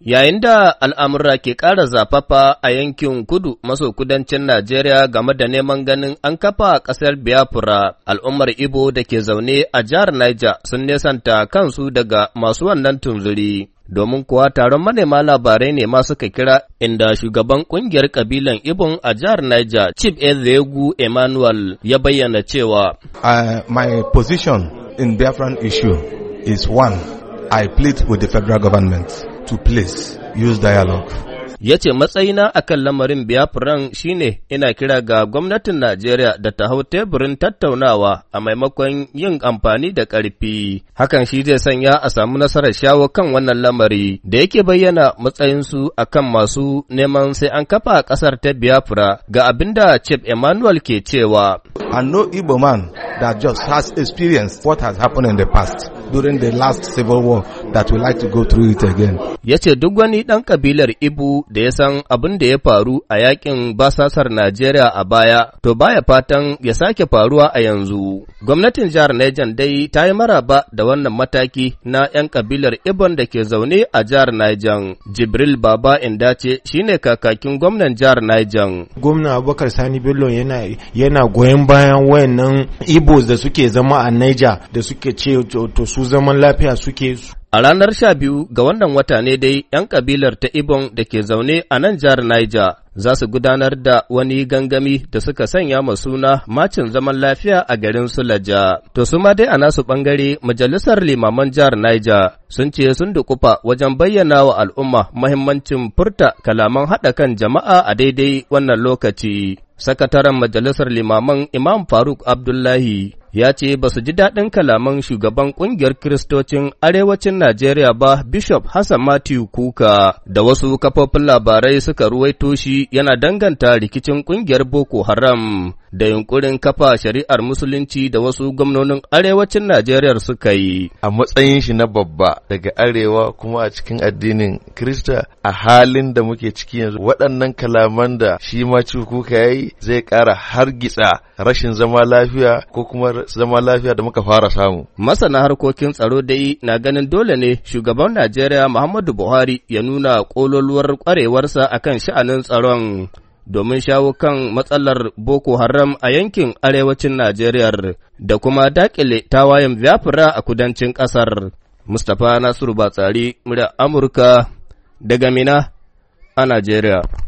Yayin da al'amura ke ƙara zafafa a yankin kudu maso kudancin Najeriya game da neman ganin an kafa ƙasar Biafra, al'ummar Ibo da ke zaune a jihar Niger sun nesanta kansu daga masu wannan tunzuri. Domin kuwa taron manema labarai ne ma suka kira inda shugaban ƙungiyar ƙabilan Ibon a jihar Niger, Chief Ezegu Emmanuel ya bayyana cewa. my position in Biafran issue is one, I plead with the federal government. to place use dialogue. Ya ce matsayina a kan lamarin Biafran shine ina kira ga gwamnatin Najeriya da ta hau teburin tattaunawa a maimakon yin amfani da ƙarfi. Hakan shi zai sanya a samu nasarar shawo kan wannan lamari da yake bayyana matsayinsu a kan masu neman sai an kafa ƙasar ta Biafra ga abin da Chief Emmanuel ke cewa. I know Igbo man that just has experienced what has happened in the past during the last civil war that we like to go through it again. ya ce duk wani ɗan ƙabilar Ibu da ya san abin da ya faru a yakin basasar Najeriya a baya, to baya fatan ya sake faruwa a yanzu. Gwamnatin jihar Niger dai ta yi maraba da wannan mataki na ‘yan ƙabilar Ibon da ke zaune a jihar Niger. Jibril Baba Inda ce shi ne kakakin gwamnan jihar Niger. Gwamna Abubakar Sani Bello yana, yana goyon bayan wayannan Ibos da suke zama a Niger da suke ce to su zaman lafiya suke A ranar sha biyu ga wannan wata ne dai ‘yan kabilar ta Ibon da ke zaune a nan jihar Niger za su gudanar da wani gangami da suka sanya ma suna macin zaman lafiya a garin Sulaja. To su ma dai a nasu ɓangare majalisar limaman jihar Niger sun ce sun dukufa wajen bayyana wa al'umma mahimmancin furta kalaman haɗa kan jama'a a daidai wannan lokaci. Sakataren majalisar limaman Imam Faruk Abdullahi ya ce ba su ji daɗin kalaman shugaban ƙungiyar Kiristocin Arewacin Najeriya ba Bishop Hassan Matthew Kuka da wasu kafofin labarai suka ruwaito shi yana danganta rikicin ƙungiyar Boko Haram da yunkurin kafa shari'ar musulunci da wasu gwamnonin arewacin Najeriya suka yi. A matsayin shi na babba daga arewa kuma a cikin addinin Kirista, a halin da muke ciki yanzu waɗannan kalaman da shi ma kuka yi zai ƙara hargitsa rashin zama lafiya ko kuma zama lafiya da muka fara samu. Masana harkokin tsaro dai na ganin dole ne shugaban Najeriya Muhammadu Buhari ya nuna ƙololuwar ƙwarewarsa akan sha'anin tsaron. domin shawo kan matsalar Boko Haram a yankin arewacin Najeriya da kuma dakile tawayen Biafra a kudancin ƙasar. Mustapha Nasiru Batsari, murya Amurka daga Mina a Najeriya.